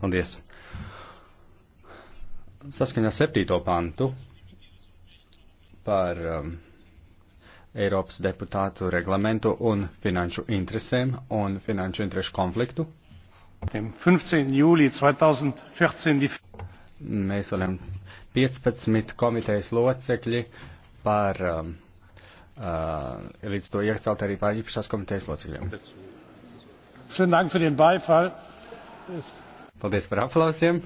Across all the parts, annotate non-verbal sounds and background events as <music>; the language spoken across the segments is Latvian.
Paldies. Saskaņā septīto pantu par um, Eiropas deputātu reglamentu un finanšu interesēm un finanšu interešu konfliktu. 15. jūlija 2014. Mēs varam 15 komitejas locekļi par um, uh, līdz to iekļaut arī par īpašās komitejas locekļiem. Schönen Dank für den Beifall. Paldies par aplausiem.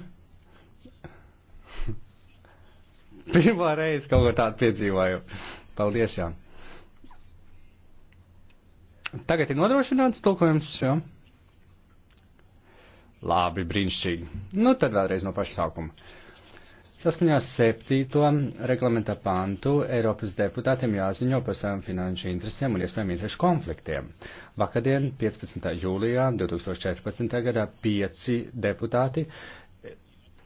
<laughs> Pirmā reize kaut ko tādu piedzīvoju. Paldies, jā. Tagad ir nodrošināts tulkojums, jā. Labi, brīnišķīgi. Nu, tad vēlreiz no paša sākuma. Saskaņā ar 7. reglamenta pantu Eiropas deputātiem jāziņo par savām finanšu interesēm un iespējām interešu konfliktiem. Vakardien, 15. jūlijā 2014. gadā, pieci deputāti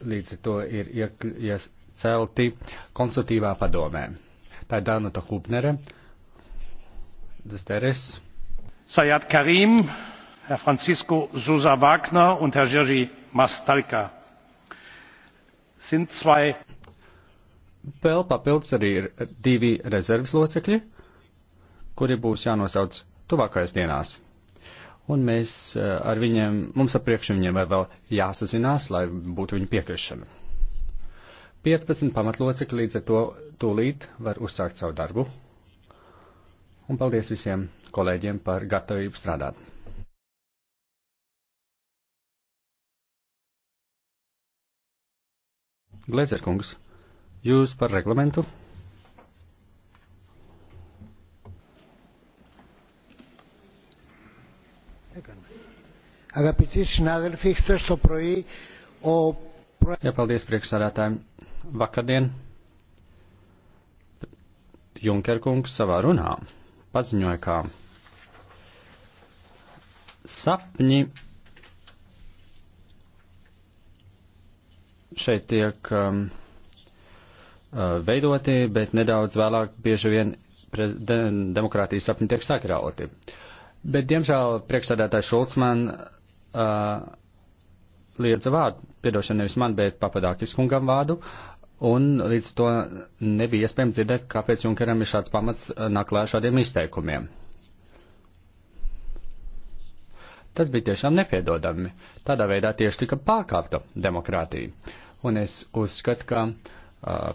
līdz ar to ir iecelti konsultīvā padomē. Tā ir Danuta Hubnere, Desteres, Sajat Karim, Herr Francisco Sousa Wagner un Herr Jerzy Mastalka sind zwei. Vēl papildus arī ir divi rezerves locekļi, kuri būs jānosauc tuvākais dienās. Un mēs eh, ar viņiem, mums ar priekšu viņiem vēl jāsazinās, lai būtu viņu piekrišana. 15 pamatlocekļi līdz ar to tūlīt var uzsākt savu darbu. Un paldies visiem kolēģiem par gatavību strādāt. Glezerkungs, jūs par reglamentu? Αγαπητοί συνάδελφοι, χθε το πρωί ο Jā, paldies priekšsādātājiem. Vakardien Junkerkungs savā runā paziņoja, ka sapņi šeit tiek um, uh, veidoti, bet nedaudz vēlāk bieži vien demokrātijas sapņi tiek sakrauti. Bet, diemžēl, priekšsādātājs Šulc man uh, liedza vārdu, piedošana nevis man, bet papadākis kungam vārdu, un līdz to nebija iespējams dzirdēt, kāpēc Junkeram ir šāds pamats uh, naklē šādiem izteikumiem. Tas bija tiešām nepiedodami. Tādā veidā tieši tika pārkāpta demokrātija. Un es uzskatu, ka uh,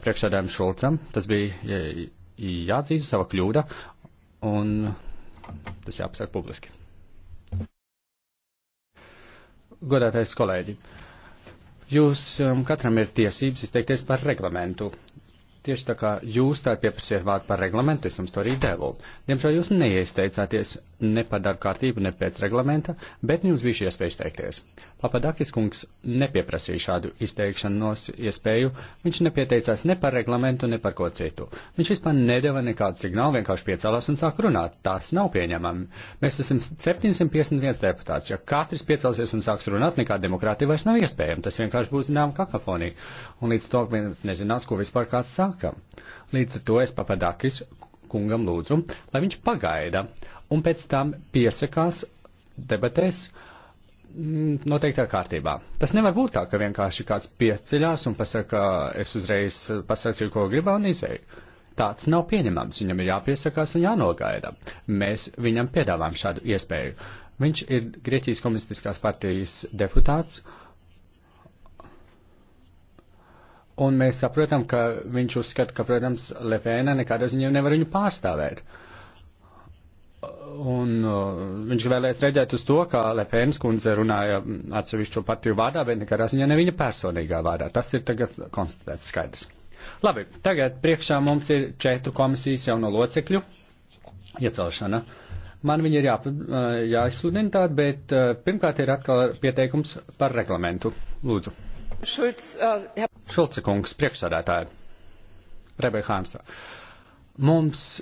priekšsēdājiem Šulcam tas bija jāatzīst sava kļūda, un tas jāpasaka publiski. Godātais kolēģi, jūs um, katram ir tiesības izteikties par reglamentu. Tieši tā kā jūs tā pieprasiet vārdu par reglamentu, es jums to arī devu. Diemžēl jūs neizteicāties ne par darba kārtību, ne pēc reglamenta, bet nu jums bija šī iespēja izteikties. Papadakis kungs nepieprasīja šādu izteikšanos iespēju, viņš nepieteicās ne par reglamentu, ne par ko citu. Viņš vispār nedeva nekādu signālu, vienkārši piecēlās un sāk runāt. Tas nav pieņemami. Mēs esam 751 deputāts. Ja katrs piecelsies un sāks runāt, nekā demokrātija vairs nav iespējama. Tas vienkārši būs zināma kakafonija. Un līdz to viens nezinās, ko vispār kāds sāk nākam. Līdz ar to es papadākis kungam lūdzu, lai viņš pagaida un pēc tam piesakās debatēs mm, noteiktā kārtībā. Tas nevar būt tā, ka vienkārši kāds pieceļās un pasaka, es uzreiz pasaku, ko gribu un izēju. Tāds nav pieņemams, viņam ir jāpiesakās un jānogaida. Mēs viņam piedāvājam šādu iespēju. Viņš ir Grieķijas komunistiskās partijas deputāts, uh, Un mēs saprotam, ka viņš uzskata, ka, protams, Lepēna nekādā ziņā nevar viņu pārstāvēt. Un uh, viņš vēlēs reģēt uz to, ka Lepēnas kundze runāja atsevišķo partiju vārdā, bet nekādā ziņā ne viņa personīgā vārdā. Tas ir tagad konstatēts skaidrs. Labi, tagad priekšā mums ir četru komisijas jauno locekļu iecelšana. Man viņi ir jā, uh, jāizsludina tādu, bet uh, pirmkārt ir atkal pieteikums par reglamentu. Lūdzu. Šulce äh, kungs, priekšsādātāji, Rebeka Hāmsa. Mums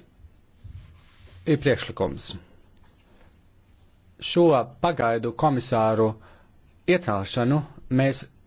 ir priekšlikums. Šo pagaidu komisāru iecelšanu mēs